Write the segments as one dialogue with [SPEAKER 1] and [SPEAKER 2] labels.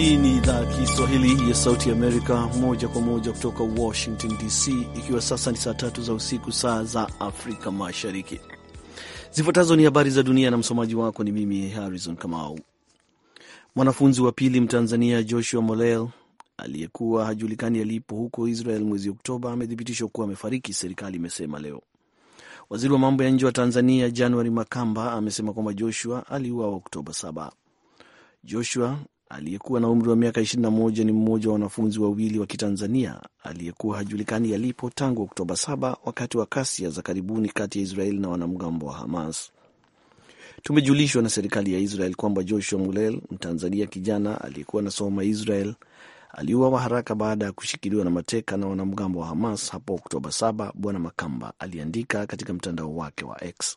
[SPEAKER 1] Hii ni idhaa ya Kiswahili ya Sauti ya Amerika, moja kwa moja kutoka Washington DC, ikiwa sasa ni saa tatu za usiku, saa za Afrika Mashariki. Zifuatazo ni habari za dunia, na msomaji wako ni mimi Harrison Kamau. Mwanafunzi wa pili Mtanzania Joshua Molel aliyekuwa hajulikani alipo huko Israel mwezi Oktoba amethibitishwa kuwa amefariki, serikali imesema leo. Waziri wa mambo ya nje wa Tanzania januari Makamba amesema kwamba Joshua aliuawa Oktoba 7. Joshua aliyekuwa na umri wa miaka 21 ni mmoja wa wanafunzi wawili wa Kitanzania aliyekuwa hajulikani yalipo tangu Oktoba 7 wakati wa kasia za karibuni kati ya israel na wanamgambo wa Hamas. Tumejulishwa na serikali ya Israel kwamba Joshua Mulel, Mtanzania kijana aliyekuwa anasoma Israel, aliuawa haraka baada ya kushikiliwa na mateka na wanamgambo wa Hamas hapo Oktoba 7, Bwana Makamba aliandika katika mtandao wake wa X.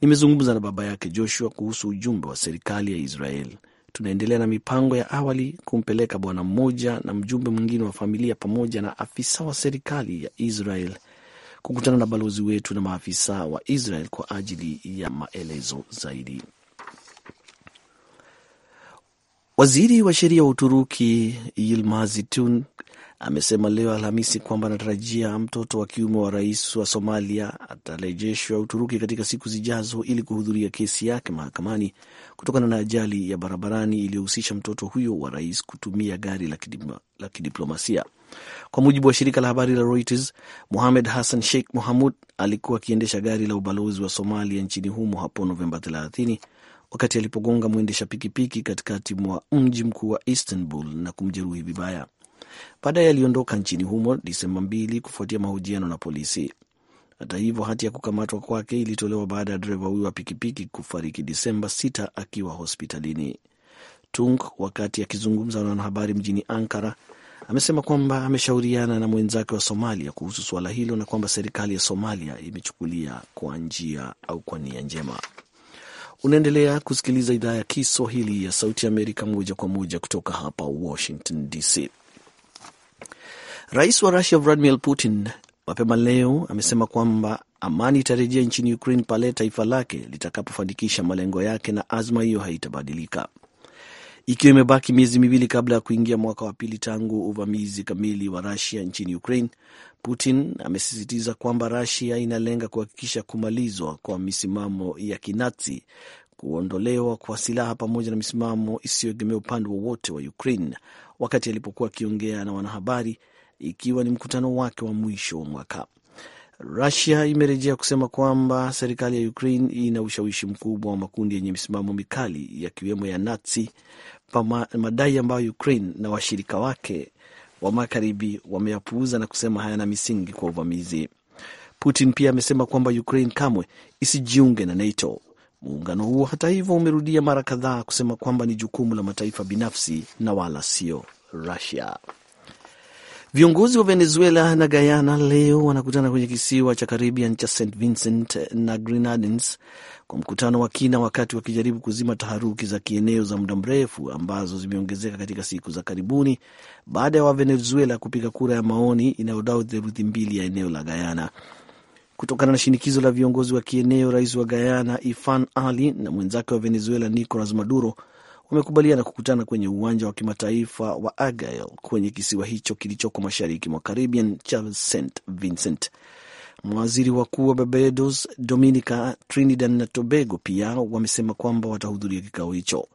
[SPEAKER 1] Nimezungumza na baba yake Joshua kuhusu ujumbe wa serikali ya Israel Tunaendelea na mipango ya awali kumpeleka bwana mmoja na mjumbe mwingine wa familia pamoja na afisa wa serikali ya Israel kukutana na balozi wetu na maafisa wa Israel kwa ajili ya maelezo zaidi. Waziri wa sheria wa Uturuki Yilmaz Tun amesema leo Alhamisi kwamba anatarajia mtoto wa kiume wa rais wa Somalia atarejeshwa Uturuki katika siku zijazo ili kuhudhuria kesi yake mahakamani kutokana na ajali ya barabarani iliyohusisha mtoto huyo wa rais kutumia gari la, kidima, la kidiplomasia. Kwa mujibu wa shirika la habari la Reuters, Mohamed Hassan Sheikh Mohamud alikuwa akiendesha gari la ubalozi wa Somalia nchini humo hapo Novemba 30 wakati alipogonga mwendesha pikipiki katikati mwa mji mkuu wa Istanbul na kumjeruhi vibaya. Baadaye aliondoka nchini humo Disemba mbili kufuatia mahojiano na polisi. Hata hivyo, hati ya kukamatwa kwake ilitolewa baada ya dereva huyo wa pikipiki kufariki Disemba s akiwa hospitalini. Tung, wakati akizungumza na wanahabari mjini Ankara, amesema kwamba ameshauriana na mwenzake wa Somalia kuhusu suala hilo na kwamba serikali ya Somalia imechukulia kwa njia au kwa nia njema. Unaendelea kusikiliza idhaa ya Kiswahili ya Sauti ya Amerika moja kwa moja kutoka hapa Washington DC. Rais wa Rusia Vladimir Putin mapema leo amesema kwamba amani itarejea nchini Ukraine pale taifa lake litakapofanikisha malengo yake na azma hiyo haitabadilika. Ikiwa imebaki miezi miwili kabla ya kuingia mwaka wa pili tangu uvamizi kamili wa Rusia nchini Ukraine, Putin amesisitiza kwamba Rusia inalenga kuhakikisha kumalizwa kwa misimamo ya kinazi, kuondolewa kwa silaha pamoja na misimamo isiyoegemea upande wowote wa Ukraine, wakati alipokuwa akiongea na wanahabari ikiwa ni mkutano wake wa mwisho wa mwaka. Rusia imerejea kusema kwamba serikali ya Ukraine ina ushawishi mkubwa wa makundi yenye misimamo mikali yakiwemo ya Nazi, madai ambayo Ukraine na washirika wake wa magharibi wameyapuuza na kusema hayana misingi kwa uvamizi. Putin pia amesema kwamba Ukraine kamwe isijiunge na NATO. Muungano huo hata hivyo umerudia mara kadhaa kusema kwamba ni jukumu la mataifa binafsi na wala sio Rusia. Viongozi wa Venezuela na Guyana leo wanakutana kwenye kisiwa cha Caribbean cha St Vincent na Grenadines kwa mkutano wa kina, wakati wakijaribu kuzima taharuki za kieneo za muda mrefu ambazo zimeongezeka katika siku za karibuni baada ya Wavenezuela kupiga kura ya maoni inayodai theluthi mbili ya eneo la Guyana. Kutokana na shinikizo la viongozi wa kieneo, rais wa Guyana Ifan Ali na mwenzake wa Venezuela Nicolas Maduro wamekubaliana kukutana kwenye uwanja wa kimataifa wa Agail kwenye kisiwa hicho kilichoko mashariki mwa Caribbean cha St Vincent. Mawaziri wakuu wa Barbados, Dominica, Trinidad na Tobago pia wamesema kwamba watahudhuria kikao hicho.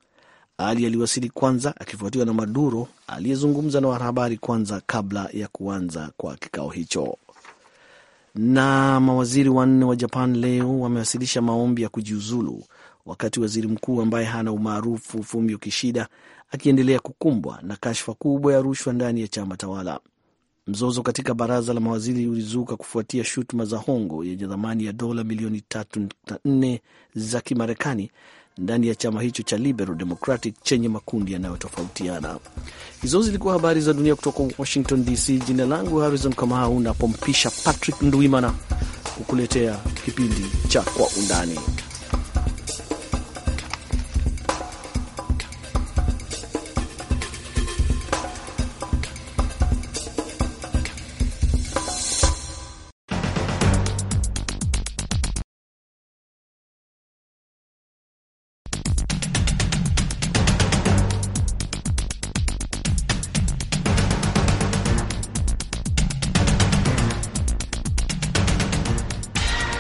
[SPEAKER 1] Ali aliwasili kwanza akifuatiwa na Maduro aliyezungumza na wanahabari kwanza kabla ya kuanza kwa kikao hicho. Na mawaziri wanne wa Japan leo wamewasilisha maombi ya kujiuzulu wakati waziri mkuu ambaye hana umaarufu Fumio Kishida akiendelea kukumbwa na kashfa kubwa ya rushwa ndani ya chama tawala. Mzozo katika baraza la mawaziri ulizuka kufuatia shutuma za hongo yenye thamani ya dola milioni 3.4 za Kimarekani ndani ya chama hicho cha Liberal Democratic chenye makundi yanayotofautiana. Hizo zilikuwa habari za dunia kutoka Washington DC. Jina langu Harrison Kamau, napompisha Patrick Ndwimana kukuletea kipindi cha Kwa Undani.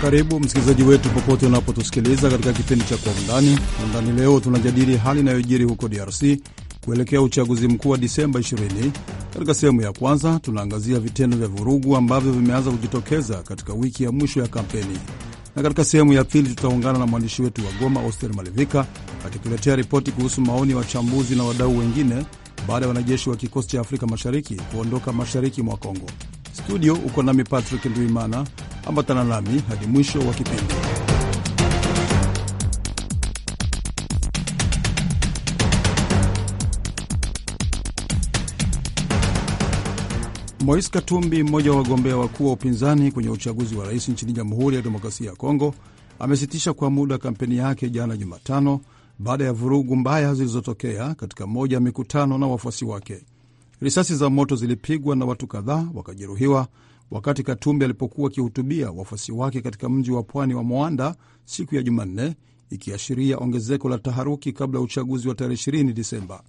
[SPEAKER 2] Karibu msikilizaji wetu popote unapotusikiliza katika kipindi cha Kwa Undani. Undani leo tunajadili hali inayojiri huko DRC kuelekea uchaguzi mkuu wa Disemba 20. Katika sehemu ya kwanza, tunaangazia vitendo vya vurugu ambavyo vimeanza kujitokeza katika wiki ya mwisho ya kampeni, na katika sehemu ya pili tutaungana na mwandishi wetu wa Goma, Oster Malevika, akituletea ripoti kuhusu maoni ya wachambuzi na wadau wengine baada ya wanajeshi wa kikosi cha Afrika Mashariki kuondoka mashariki mwa Kongo. Studio uko nami Patrick Nduimana. Ambatana nami hadi mwisho wa kipindi. mois Katumbi, mmoja wa wagombea wakuu wa upinzani kwenye uchaguzi wa rais nchini Jamhuri ya Demokrasia ya Kongo, amesitisha kwa muda kampeni yake jana Jumatano baada ya vurugu mbaya zilizotokea katika moja ya mikutano na wafuasi wake. Risasi za moto zilipigwa na watu kadhaa wakajeruhiwa wakati Katumbi alipokuwa akihutubia wafuasi wake katika mji wa pwani wa Moanda siku ya Jumanne, ikiashiria ongezeko la taharuki kabla ya uchaguzi wa tarehe 20 Disemba.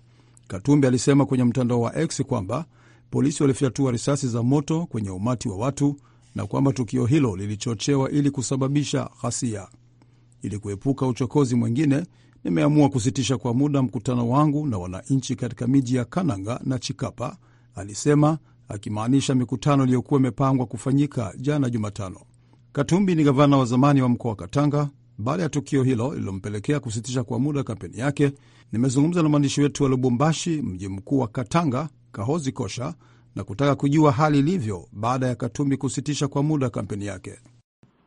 [SPEAKER 2] Katumbi alisema kwenye mtandao wa X kwamba polisi walifyatua risasi za moto kwenye umati wa watu na kwamba tukio hilo lilichochewa ili kusababisha ghasia. Ili kuepuka uchokozi mwingine, nimeamua kusitisha kwa muda mkutano wangu na wananchi katika miji ya Kananga na Chikapa, alisema akimaanisha mikutano iliyokuwa imepangwa kufanyika jana Jumatano. Katumbi ni gavana wa zamani wa mkoa wa Katanga. Baada ya tukio hilo lililompelekea kusitisha kwa muda kampeni yake, nimezungumza na mwandishi wetu wa Lubumbashi, mji mkuu wa Katanga, Kahozi Kosha, na kutaka kujua hali ilivyo baada ya Katumbi kusitisha kwa muda kampeni yake.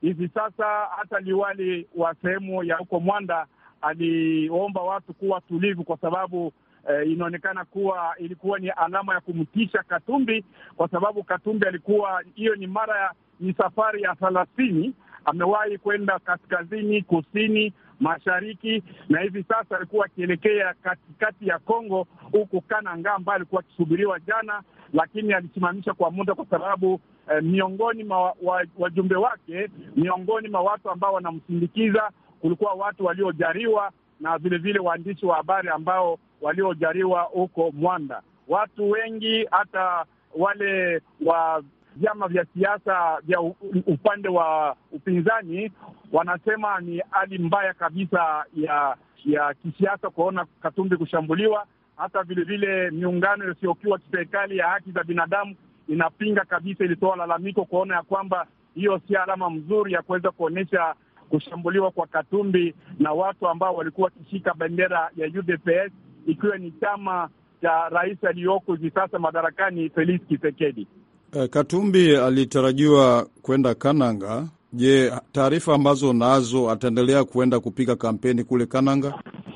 [SPEAKER 3] Hivi sasa hata liwali wa sehemu ya huko Mwanda aliomba watu kuwa tulivu, kwa sababu eh, inaonekana kuwa ilikuwa ni alama ya kumtisha Katumbi kwa sababu Katumbi alikuwa hiyo ni mara ya ni safari ya thelathini amewahi kwenda kaskazini, kusini, mashariki na hivi sasa alikuwa akielekea katikati ya Kongo huku Kananga, ambaye alikuwa akisubiriwa jana, lakini alisimamisha kwa muda kwa sababu eh, miongoni mwa wajumbe wake, miongoni mwa watu ambao wanamsindikiza kulikuwa watu waliojariwa na vilevile waandishi wa habari ambao waliojariwa huko Mwanda. Watu wengi hata wale wa vyama vya siasa vya upande wa upinzani wanasema ni hali mbaya kabisa ya ya kisiasa kuona Katumbi kushambuliwa. Hata vilevile miungano isiyokiwa kiserikali ya haki za binadamu inapinga kabisa, ilitoa lalamiko kuona ya kwamba hiyo si alama mzuri ya kuweza kuonyesha kushambuliwa kwa Katumbi na watu ambao walikuwa wakishika bendera ya UDPS ikiwa ni chama cha rais aliyoko hivi sasa madarakani Felix Tshisekedi.
[SPEAKER 2] Eh, katumbi alitarajiwa kwenda Kananga. Je, taarifa ambazo nazo ataendelea kuenda kupiga kampeni kule Kananga?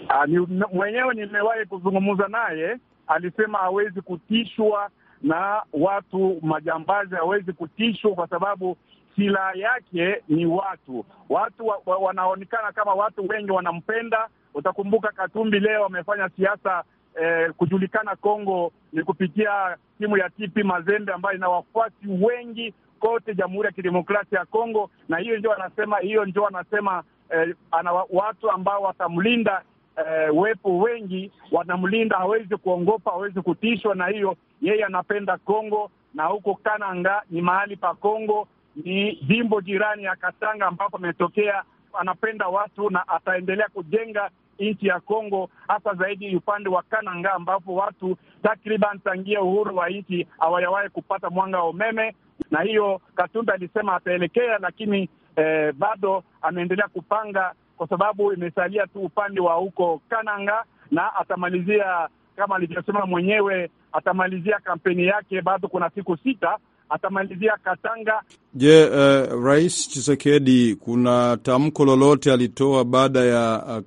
[SPEAKER 3] A, ah, ni, mwenyewe nimewahi kuzungumza naye, alisema hawezi kutishwa na watu majambazi, hawezi kutishwa kwa sababu silaha yake ni watu. Watu wa, wa, wanaonekana kama watu wengi wanampenda. Utakumbuka Katumbi leo wamefanya siasa eh, kujulikana Kongo ni kupitia timu ya TP Mazembe ambayo ina wafuasi wengi kote Jamhuri ya Kidemokrasia ya Kongo, na hiyo ndio wanasema hiyo ndio wanasema eh, ana watu ambao watamlinda eh, wepo wengi wanamlinda, hawezi kuongopa, hawezi kutishwa na hiyo. Yeye anapenda Kongo na huko Kananga ni mahali pa Kongo ni jimbo jirani ya Katanga ambapo ametokea. Anapenda watu na ataendelea kujenga nchi ya Kongo, hasa zaidi upande wa Kananga ambapo watu takriban tangia uhuru wa nchi hawajawahi kupata mwanga wa umeme, na hiyo Katunda alisema ataelekea, lakini eh, bado ameendelea kupanga kwa sababu imesalia tu upande wa huko Kananga, na atamalizia kama alivyosema mwenyewe, atamalizia kampeni yake, bado kuna siku sita atamalizia Katanga.
[SPEAKER 2] Je, uh, Rais chisekedi kuna tamko lolote alitoa baada ya uh,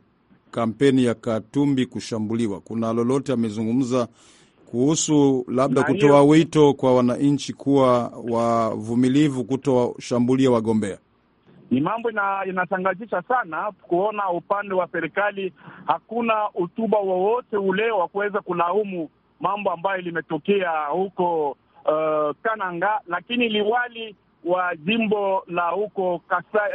[SPEAKER 2] kampeni ya Katumbi kushambuliwa? Kuna lolote amezungumza kuhusu labda kutoa wito kwa wananchi kuwa wavumilivu, kutoshambulia wagombea?
[SPEAKER 3] Ni mambo inatangazisha sana kuona upande wa serikali hakuna utuba wowote ule wa kuweza kulaumu mambo ambayo limetokea huko Uh, Kananga, lakini liwali wa jimbo la huko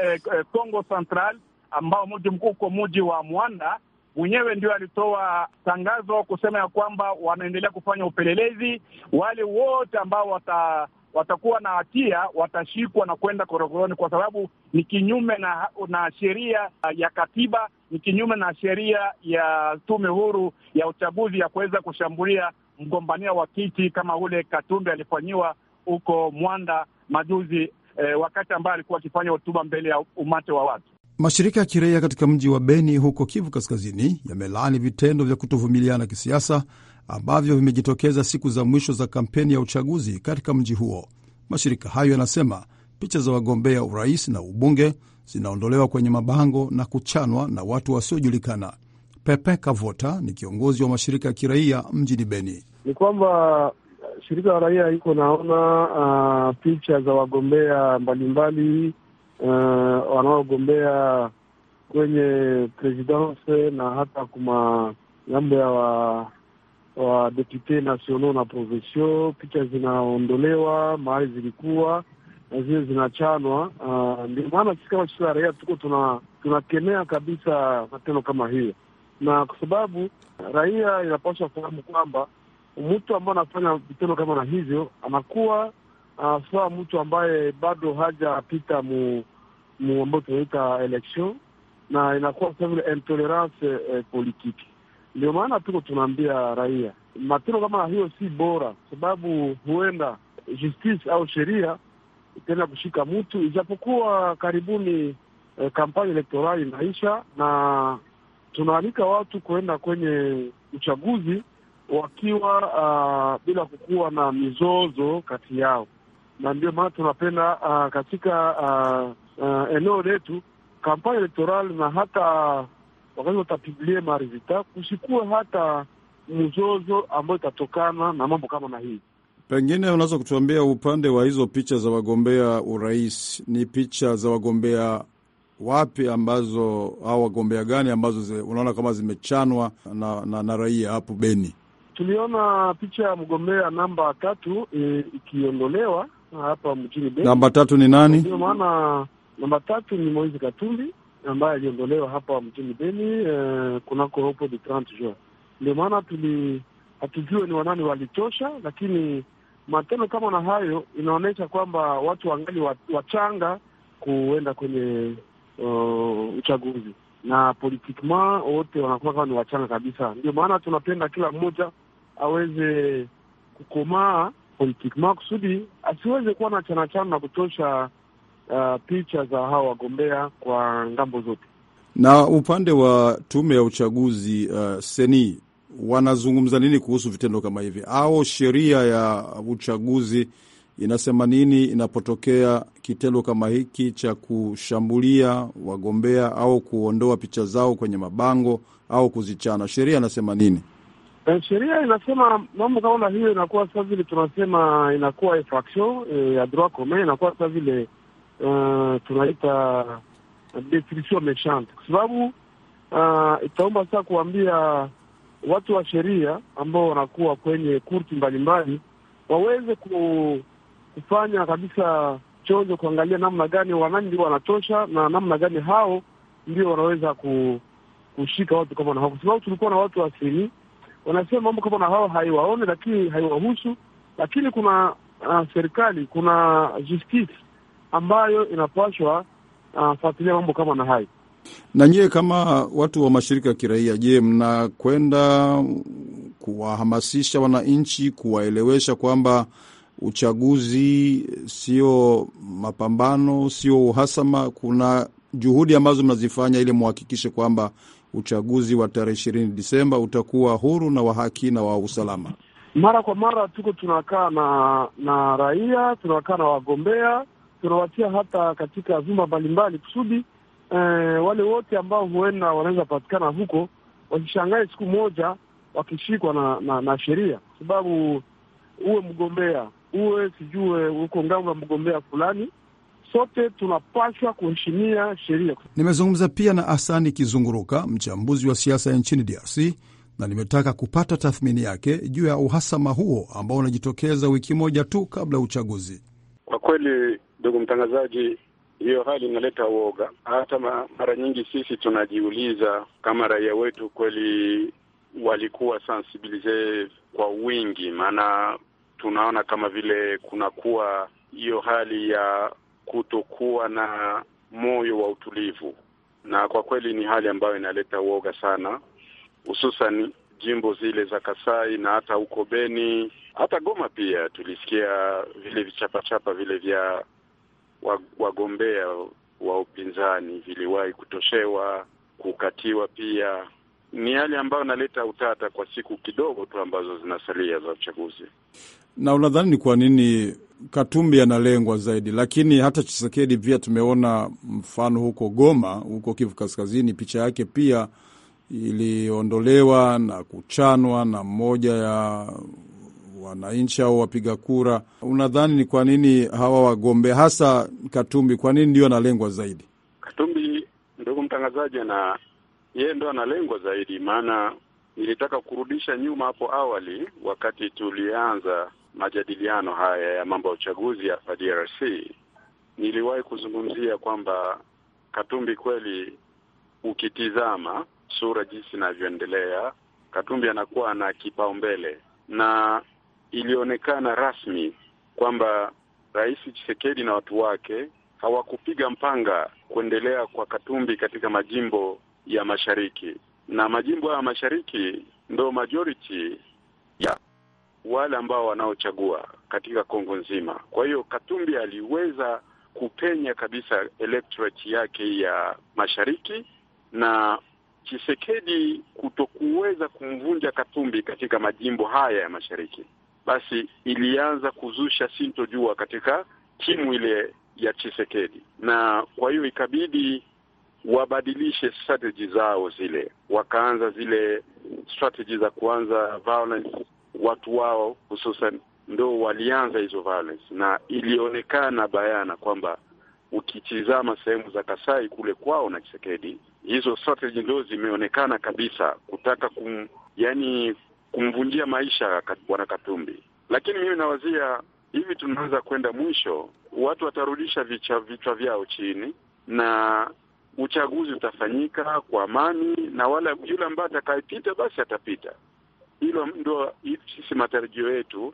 [SPEAKER 3] eh, eh, Congo eh, Central ambao mji mkuu uko mji wa Mwanda mwenyewe ndio alitoa tangazo kusema ya kwamba wanaendelea kufanya upelelezi. Wale wote ambao wata, watakuwa na hatia watashikwa na kwenda korokoroni, kwa sababu ni kinyume na, na sheria ya katiba, ni kinyume na sheria ya tume huru ya uchaguzi ya kuweza kushambulia mgombania wa kiti kama ule Katumbi alifanyiwa huko Mwanda majuzi eh, wakati ambaye alikuwa akifanya hotuba mbele ya umate wa watu.
[SPEAKER 2] Mashirika ya kiraia katika mji wa Beni huko Kivu Kaskazini yamelaani vitendo vya kutovumiliana kisiasa ambavyo vimejitokeza siku za mwisho za kampeni ya uchaguzi katika mji huo. Mashirika hayo yanasema picha za wagombea urais na ubunge zinaondolewa kwenye mabango na kuchanwa na watu wasiojulikana. Pepe Kavota ni kiongozi wa mashirika ya kiraia mjini Beni.
[SPEAKER 4] Ni kwamba uh, shirika la raia iko naona uh, picha za wagombea mbalimbali uh, wanaogombea kwenye presidence na hata kuma ngambo ya wa, wa depute nationaux na profesio Picha zinaondolewa mahali zilikuwa na zile zinachanwa. Uh, ndio uh, maana sisi kama shirika la raia tuko tuna tunakemea kabisa matendo kama hiyo na kwa sababu raia inapaswa fahamu kwamba mtu ambaye anafanya vitendo kama na hivyo anakuwa ah, sawa mtu ambaye bado hajapita mu, mu ambayo tunaita election na inakuwa saa vile intolerance eh, politiki. Ndio maana tuko tunaambia raia matendo kama na hiyo si bora, kwa sababu huenda justice au sheria itaenda kushika mtu, ijapokuwa karibuni eh, kampani elektorali inaisha na tunaalika watu kuenda kwenye uchaguzi wakiwa uh, bila kukuwa na mizozo kati yao, na ndio maana tunapenda uh, katika uh, uh, eneo letu kampani elektoral na hata wakati watapigilie marizita kusikuwe hata mzozo ambayo itatokana na mambo kama na hii.
[SPEAKER 2] Pengine unaweza kutuambia upande wa hizo picha za wagombea urais, ni picha za wagombea wapi ambazo au wagombea gani ambazo zi, unaona kama zimechanwa na, na, na raia hapo Beni?
[SPEAKER 4] Tuliona picha ya mgombea namba tatu e, ikiondolewa hapa mjini Beni. Namba tatu ni nani? Ndio maana namba tatu ni Moise Katumbi ambaye aliondolewa hapa mjini Beni e, kunako de jours. Ndio maana tuli hatujue ni wanani walitosha, lakini matendo kama na hayo inaonyesha kwamba watu wangali wachanga kuenda kwenye uh, uchaguzi na politikma wote wanakuwa kama ni wachanga kabisa. Ndio maana tunapenda kila mmoja aweze kukomaa politikma kusudi asiweze kuwa na chana chana na kutosha uh, picha za hawa wagombea kwa ngambo zote.
[SPEAKER 2] Na upande wa tume ya uchaguzi uh, seni wanazungumza nini kuhusu vitendo kama hivi, au sheria ya uchaguzi inasema nini inapotokea kitendo kama hiki cha kushambulia wagombea au kuondoa picha zao kwenye mabango au kuzichana? Sheria inasema nini?
[SPEAKER 4] E, sheria inasema mambo kama hiyo inakuwa sasa vile tunasema inakuwa infraction e, ya droit commun inakuwa sasa vile uh, tunaita destruction mechante, kwa sababu uh, itaomba sasa kuambia watu wa sheria ambao wanakuwa kwenye kurti mbalimbali waweze ku kufanya kabisa chonjo kuangalia namna gani wanani ndio wanatosha na namna gani hao ndio wanaweza ku, kushika watu kama na hao, kwa sababu tulikuwa na watu wasini wanasema mambo kama na hao haiwaone, lakini haiwahusu. Lakini kuna uh, serikali kuna justice ambayo inapashwa uh, fuatilia mambo kama na hayo.
[SPEAKER 2] Na nyie kama watu wa mashirika ya kiraia, je, mnakwenda kuwahamasisha wananchi, kuwaelewesha kwamba uchaguzi sio mapambano, sio uhasama. Kuna juhudi ambazo mnazifanya ili muhakikishe kwamba uchaguzi wa tarehe ishirini Disemba utakuwa huru na wa haki na wa usalama.
[SPEAKER 4] Mara kwa mara tuko tunakaa na na raia, tunakaa na wagombea, tunawatia hata katika vyumba mbalimbali kusudi eh, wale wote ambao huenda wanaweza patikana huko wasishangae siku moja wakishikwa na, na, na sheria, kwa sababu uwe mgombea uwe sijue uko ngambo ya mgombea fulani, sote tunapashwa kuheshimia sheria.
[SPEAKER 2] Nimezungumza pia na Asani Kizunguruka, mchambuzi wa siasa nchini DRC, na nimetaka kupata tathmini yake juu ya uhasama huo ambao unajitokeza wiki moja tu kabla ya uchaguzi.
[SPEAKER 5] Kwa kweli, ndugu mtangazaji, hiyo hali inaleta uoga. Hata mara nyingi sisi tunajiuliza kama raia wetu kweli walikuwa sensibilize kwa wingi, maana tunaona kama vile kunakuwa hiyo hali ya kutokuwa na moyo wa utulivu, na kwa kweli ni hali ambayo inaleta uoga sana, hususan jimbo zile za Kasai na hata huko Beni, hata Goma pia tulisikia vile vichapachapa vile vya wagombea wa upinzani viliwahi kutoshewa, kukatiwa pia ni hali ambayo inaleta utata kwa siku kidogo tu ambazo zinasalia za uchaguzi.
[SPEAKER 2] Na unadhani ni kwa nini Katumbi yanalengwa zaidi? Lakini hata Chisekedi pia tumeona mfano huko Goma, huko Kivu Kaskazini, picha yake pia iliondolewa na kuchanwa na mmoja ya wananchi au wapiga kura. Unadhani ni kwa nini hawa wagombea hasa Katumbi, kwa nini ndio analengwa zaidi?
[SPEAKER 5] Katumbi, ndugu mtangazaji, na yeye ndo analengwa zaidi, maana nilitaka kurudisha nyuma hapo awali wakati tulianza majadiliano haya ya mambo ya uchaguzi hapa DRC, niliwahi kuzungumzia kwamba Katumbi kweli, ukitizama sura jinsi inavyoendelea, Katumbi anakuwa na kipaumbele na ilionekana rasmi kwamba Rais chisekedi na watu wake hawakupiga mpanga kuendelea kwa Katumbi katika majimbo ya mashariki, na majimbo ya mashariki ndo majority wale ambao wanaochagua katika Kongo nzima. Kwa hiyo Katumbi aliweza kupenya kabisa electorate yake ya mashariki na Chisekedi kutokuweza kumvunja Katumbi katika majimbo haya ya mashariki, basi ilianza kuzusha sintojua katika timu ile ya Chisekedi, na kwa hiyo ikabidi wabadilishe strategy zao zile, wakaanza zile strategy za kuanza violence watu wao hususan ndo walianza hizo violence, na ilionekana bayana kwamba ukitizama sehemu za Kasai kule kwao na Chisekedi, hizo strategy ndo zimeonekana kabisa kutaka kum, yani kumvunjia maisha bwana Katumbi. Lakini mimi nawazia hivi, tunaanza kwenda mwisho, watu watarudisha vichwa, vichwa vyao chini na uchaguzi utafanyika kwa amani, na wala yule ambaye atakayepita basi atapita. Hilo ndo sisi matarajio yetu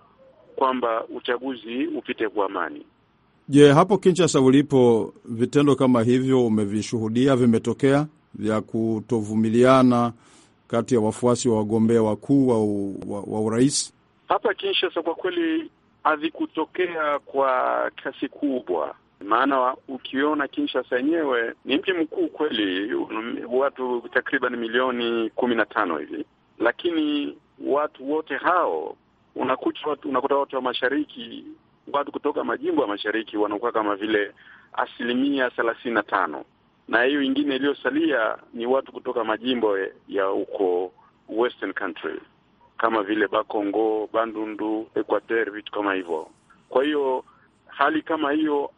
[SPEAKER 5] kwamba uchaguzi upite kwa amani.
[SPEAKER 2] Je, hapo Kinshasa ulipo, vitendo kama hivyo umevishuhudia vimetokea vya kutovumiliana kati ya wafuasi wa wagombea wakuu wa, wa urais
[SPEAKER 5] hapa Kinshasa? Kwa kweli havikutokea kwa kasi kubwa, maana ukiona Kinshasa yenyewe ni mji mkuu kweli, watu takriban milioni kumi na tano hivi, lakini watu wote hao unakuta watu, unakuta watu wa mashariki, watu kutoka majimbo ya mashariki wanakuwa kama vile asilimia thelathini na tano na hiyo ingine iliyosalia ni watu kutoka majimbo ya huko western country kama vile Bakongo, Bandundu, Equateur, vitu kama hivyo. Kwa hiyo hali kama hiyo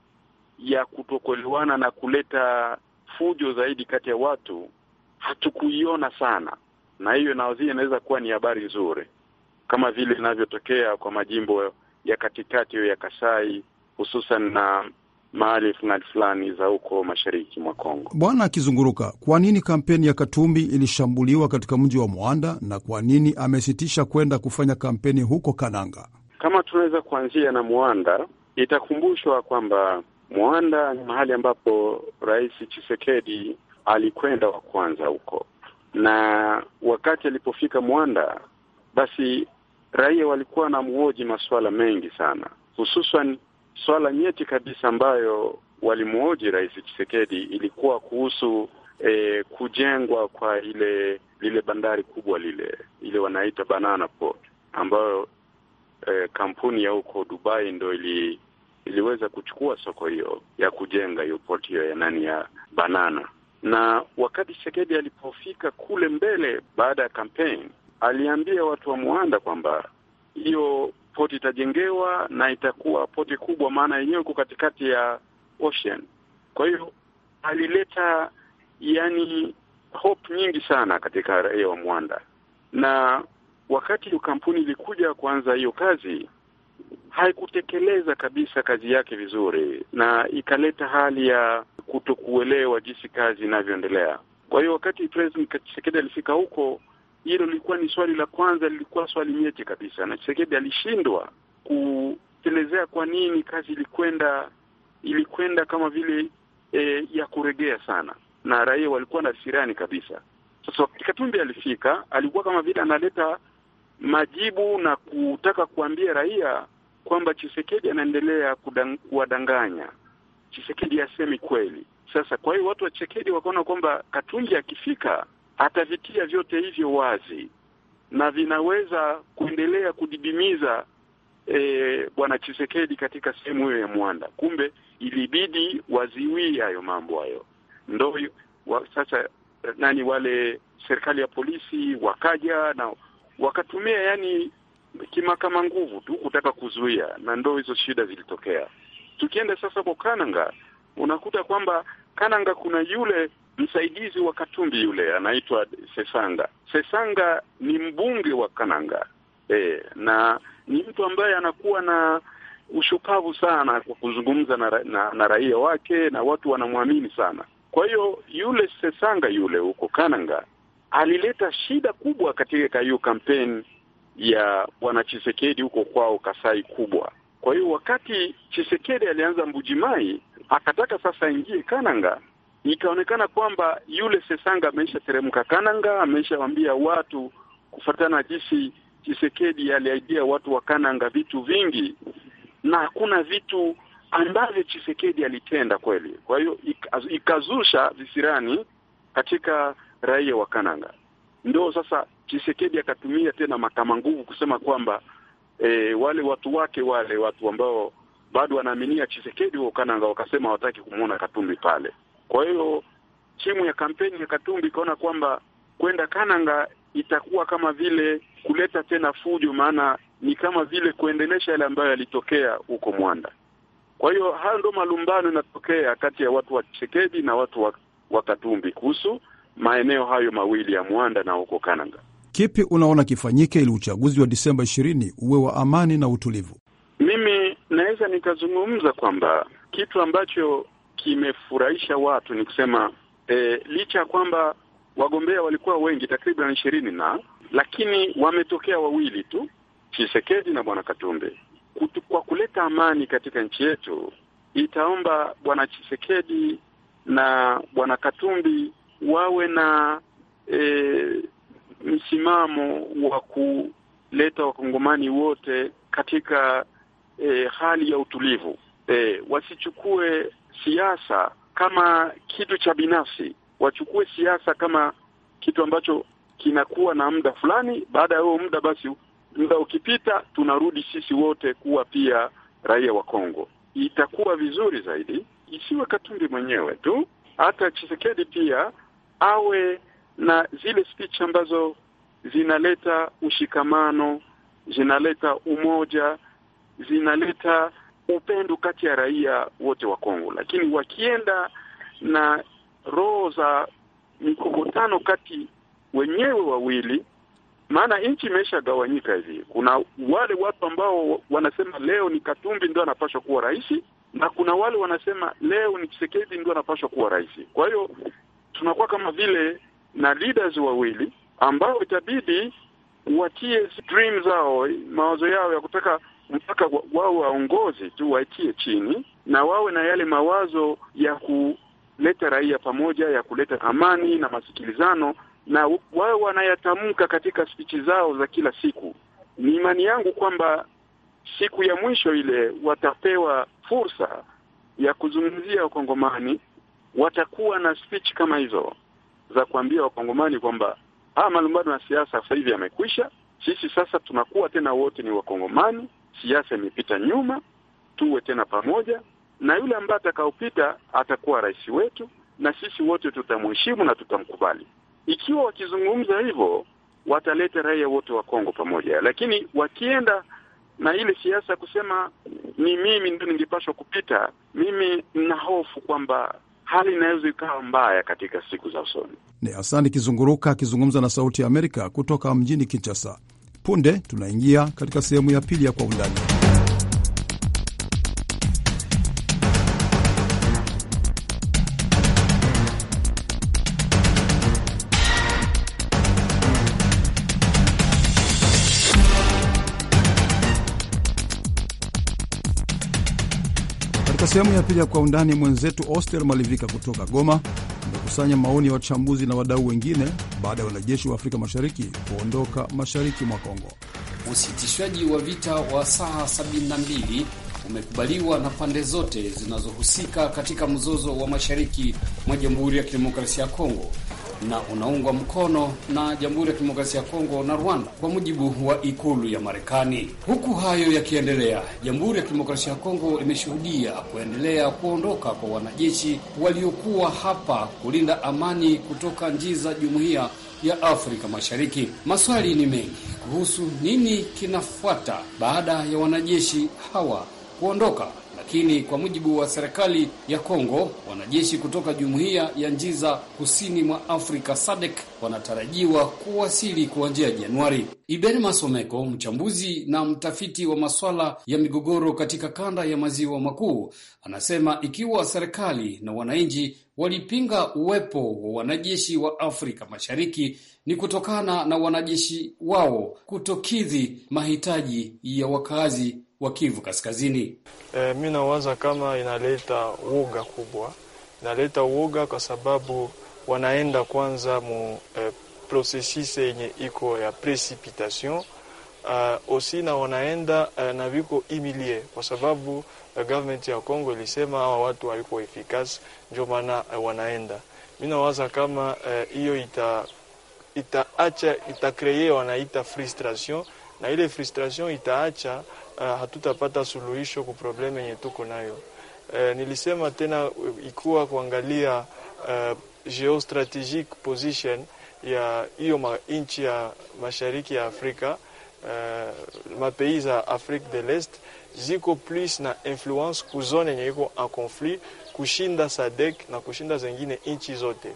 [SPEAKER 5] ya kutokuelewana na kuleta fujo zaidi kati ya watu hatukuiona sana na hiyo inaweza kuwa ni habari nzuri, kama vile inavyotokea kwa majimbo ya katikati ya Kasai hususan na mahali fulani fulani za huko mashariki mwa Kongo.
[SPEAKER 2] Bwana Akizunguruka, kwa nini kampeni ya Katumbi ilishambuliwa katika mji wa Mwanda na kwa nini amesitisha kwenda kufanya kampeni huko Kananga?
[SPEAKER 5] Kama tunaweza kuanzia na Mwanda, itakumbushwa kwamba Mwanda ni mahali ambapo Rais chisekedi alikwenda wa kwanza huko na wakati alipofika Mwanda, basi raia walikuwa na mhoji masuala mengi sana, hususan swala nyeti kabisa ambayo walimhoji Rais chisekedi ilikuwa kuhusu e, kujengwa kwa ile lile bandari kubwa lile ile wanaita Banana Port ambayo e, kampuni ya huko Dubai ndo ili, iliweza kuchukua soko hiyo ya kujenga hiyo port hiyo ya nani ya banana na wakati Chekedi alipofika kule mbele baada ya campaign, aliambia watu wa Muanda kwamba hiyo poti itajengewa na itakuwa poti kubwa, maana yenyewe iko katikati ya ocean. Kwa hiyo alileta yani hope nyingi sana katika raia wa Mwanda, na wakati hiyo kampuni ilikuja kuanza hiyo kazi haikutekeleza kabisa kazi yake vizuri, na ikaleta hali ya kutokuelewa jinsi kazi inavyoendelea. Kwa hiyo wakati President Tshisekedi alifika huko, hilo lilikuwa ni swali la kwanza, lilikuwa swali nyeti kabisa, na Tshisekedi alishindwa kuelezea kwa nini kazi ilikwenda ilikwenda kama vile e, ya kuregea sana, na raia walikuwa na sirani kabisa. Sasa wakati Katumbi alifika, alikuwa kama vile analeta majibu na kutaka kuambia raia kwamba Chisekedi anaendelea kuwadanganya. Chisekedi asemi kweli. Sasa kwa hiyo watu wa Chisekedi wakaona kwamba Katunji akifika atavitia vyote hivyo wazi na vinaweza kuendelea kudidimiza e, bwana Chisekedi katika sehemu hiyo ya Mwanda. Kumbe ilibidi waziwii hayo mambo hayo, ndo wa, sasa nani wale serikali ya polisi wakaja na wakatumia yani kimakama nguvu tu kutaka kuzuia, na ndo hizo shida zilitokea. Tukienda sasa kwa Kananga, unakuta kwamba Kananga kuna yule msaidizi wa Katumbi yule anaitwa Sesanga. Sesanga ni mbunge wa Kananga e, na ni mtu ambaye anakuwa na ushupavu sana kwa kuzungumza na, na, na raia wake na watu wanamwamini sana. Kwa hiyo yule Sesanga yule huko Kananga alileta shida kubwa katika hiyo kampeni ya bwana Chisekedi huko kwao Kasai kubwa. Kwa hiyo wakati Chisekedi alianza Mbujimai akataka sasa aingie Kananga, ikaonekana kwamba yule Sesanga ameisha teremka Kananga, ameshawambia watu kufuatana na jinsi Chisekedi aliaidia watu wa Kananga vitu vingi, na hakuna vitu ambavyo Chisekedi alitenda kweli. Kwa hiyo ikazusha visirani katika raia wa Kananga, ndio sasa chisekedi akatumia tena makama nguvu kusema kwamba e, wale watu wake wale watu ambao bado wanaaminia chisekedi wa Kananga wakasema hawataki kumwona Katumbi pale. Kwa hiyo timu ya kampeni ya Katumbi ikaona kwamba kwenda Kananga itakuwa kama vile kuleta tena fujo, maana ni kama vile kuendelesha yale ambayo yalitokea huko Mwanda. Kwa hiyo hayo ndo malumbano yanatokea kati ya watu wa chisekedi na watu wa, wa Katumbi kuhusu maeneo hayo mawili ya Mwanda na huko Kananga.
[SPEAKER 2] Kipi unaona kifanyike ili uchaguzi wa Disemba ishirini uwe wa amani na utulivu?
[SPEAKER 5] Mimi naweza nikazungumza kwamba kitu ambacho kimefurahisha watu ni kusema e, licha ya kwamba wagombea walikuwa wengi takriban ishirini na lakini wametokea wawili tu, Chisekedi na bwana Katumbe. Kutu, kwa kuleta amani katika nchi yetu itaomba bwana Chisekedi na bwana Katumbi wawe na e, msimamo wa kuleta wakongomani wote katika e, hali ya utulivu e, wasichukue siasa kama kitu cha binafsi, wachukue siasa kama kitu ambacho kinakuwa na muda fulani. Baada ya huo muda, basi muda ukipita, tunarudi sisi wote kuwa pia raia wa Kongo. Itakuwa vizuri zaidi, isiwe Katumbi mwenyewe tu, hata Chisekedi pia awe na zile speech ambazo zinaleta ushikamano, zinaleta umoja, zinaleta upendo kati ya raia wote wa Kongo, lakini wakienda na roho za mikokotano kati wenyewe wawili, maana nchi imeshagawanyika hivi. Kuna wale watu ambao wanasema leo ni Katumbi ndio anapaswa kuwa rais, na kuna wale wanasema leo ni Tshisekedi ndio anapaswa kuwa rais. Kwa hiyo tunakuwa kama vile na leaders wawili ambao itabidi watie dream zao, mawazo yao ya kutaka mpaka wao waongozi tu waitie chini na wawe na yale mawazo ya kuleta raia pamoja, ya kuleta amani na masikilizano, na wawe wanayatamka katika spichi zao za kila siku. Ni imani yangu kwamba siku ya mwisho ile watapewa fursa ya kuzungumzia Wakongomani, watakuwa na spichi kama hizo za kuambia wakongomani kwamba haya malumbano ya siasa sasa hivi yamekwisha. Sisi sasa tunakuwa tena wote ni wakongomani, siasa imepita nyuma, tuwe tena pamoja, na yule ambaye atakaopita atakuwa rais wetu na sisi wote tutamheshimu na tutamkubali. Ikiwa wakizungumza hivyo, wataleta raia wote wa Kongo pamoja, lakini wakienda na ile siasa kusema ni mimi ndio ningepashwa kupita, mimi nina hofu kwamba hali inaweza ikawa mbaya katika siku
[SPEAKER 2] za usoni. Ni Hasani Kizunguruka akizungumza na Sauti ya Amerika kutoka mjini Kinshasa. Punde tunaingia katika sehemu ya pili ya Kwa Undani. sehemu ya pili ya Kwa Undani, mwenzetu Oster Malivika kutoka Goma amekusanya maoni ya wachambuzi na wadau wengine baada ya wanajeshi wa Afrika Mashariki kuondoka mashariki mwa Kongo.
[SPEAKER 6] Usitishwaji wa vita wa saa 72 umekubaliwa na pande zote zinazohusika katika mzozo wa mashariki mwa Jamhuri ya Kidemokrasia ya Kongo na unaungwa mkono na Jamhuri ya Kidemokrasia ya Kongo na Rwanda, kwa mujibu wa ikulu ya Marekani. Huku hayo yakiendelea, Jamhuri ya Kidemokrasia ya Kongo imeshuhudia kuendelea kuondoka kwa wanajeshi waliokuwa hapa kulinda amani kutoka nchi za Jumuiya ya Afrika Mashariki. Maswali ni mengi kuhusu nini kinafuata baada ya wanajeshi hawa kuondoka lakini kwa mujibu wa serikali ya Kongo, wanajeshi kutoka jumuiya ya nchi za kusini mwa Afrika SADC wanatarajiwa kuwasili ya Januari. iben Masomeko, mchambuzi na mtafiti wa masuala ya migogoro katika kanda ya maziwa makuu, anasema ikiwa serikali na wananchi walipinga uwepo wa wanajeshi wa Afrika Mashariki ni kutokana na wanajeshi wao
[SPEAKER 7] kutokidhi mahitaji ya wakazi wa Kivu Kaskazini. E, mi nawaza kama inaleta woga kubwa, inaleta woga kwa sababu wanaenda kwanza mu e, eh, prosesis yenye iko ya precipitation Uh, eh, osi na wanaenda uh, na viko imilie kwa sababu uh, government ya congo ilisema hawa watu haiko efikasi, ndio maana uh, wanaenda. Mi nawaza kama hiyo uh, ita itaacha itakreye wanaita frustration, na ile frustration itaacha Eh, hatutapata suluhisho kwa problemu yenye tuko nayo. Uh, nilisema tena eh, ikuwa kuangalia uh, geostrategic position ya hiyo nchi ya mashariki ya Afrika uh, mapei za Afrique de l'Est ziko plus na influence kuzone yenye iko en conflit kushinda SADC na kushinda zengine nchi zote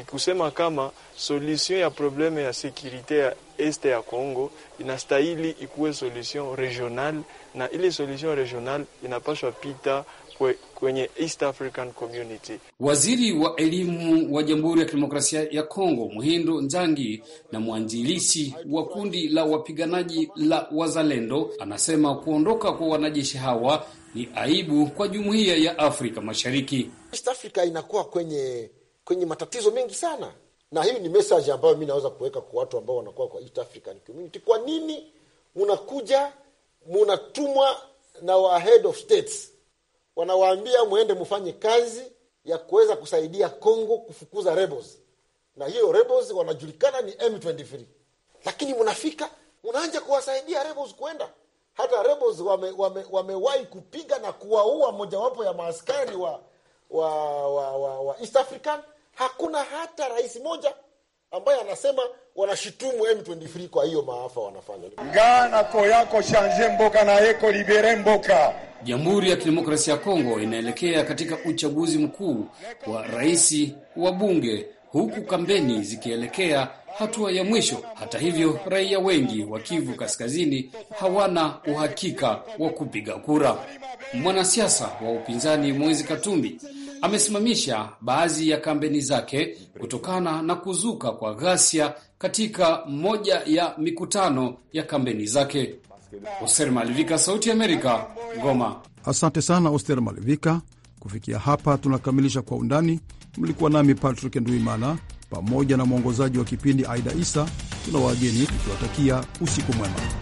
[SPEAKER 7] ikusema kama solution ya probleme ya sekurite ya este ya Kongo inastahili ikuwe solution regional, na ile solution regional inapashwa pita kwenye East African Community. Waziri wa elimu wa Jamhuri ya
[SPEAKER 6] Kidemokrasia ya Kongo Muhindo Nzangi na mwanzilishi wa kundi la wapiganaji la Wazalendo anasema kuondoka kwa wanajeshi hawa ni aibu kwa Jumuiya ya Afrika Mashariki.
[SPEAKER 5] East Africa inakuwa kwenye kwenye matatizo mengi sana, na hii ni message ambayo mi naweza kuweka kwa watu ambao wanakuwa kwa East African Community. Kwa nini munakuja munatumwa na wa head of states, wanawaambia mwende mfanye kazi ya kuweza kusaidia Congo kufukuza rebels, na hiyo rebels wanajulikana ni M23, lakini mnafika munaanja kuwasaidia rebels kuenda hata rebels wamewahi wame, wame kupiga na kuwaua mojawapo ya maaskari wa wa, wa, wa, wa East African Hakuna hata
[SPEAKER 1] rais moja ambaye anasema wanashitumu M23 kwa hiyo maafa wanafanya.
[SPEAKER 6] Ngana ko yako shanje mboka na yeko libere mboka. Jamhuri ya Kidemokrasia ya Kongo inaelekea katika uchaguzi mkuu wa rais wa bunge huku kampeni zikielekea hatua ya mwisho. Hata hivyo, raia wengi wa Kivu Kaskazini hawana uhakika wa kupiga kura. Mwanasiasa wa upinzani Mwezi Katumbi amesimamisha baadhi ya kampeni zake kutokana na kuzuka kwa ghasia katika moja ya mikutano ya kampeni zake. Oster Malivika, Sauti ya Amerika, Goma.
[SPEAKER 2] Asante sana Oster Malivika. Kufikia hapa tunakamilisha Kwa Undani. Mlikuwa nami Patrick Nduimana pamoja na mwongozaji wa kipindi Aida Isa. Tuna wageni tukiwatakia usiku mwema.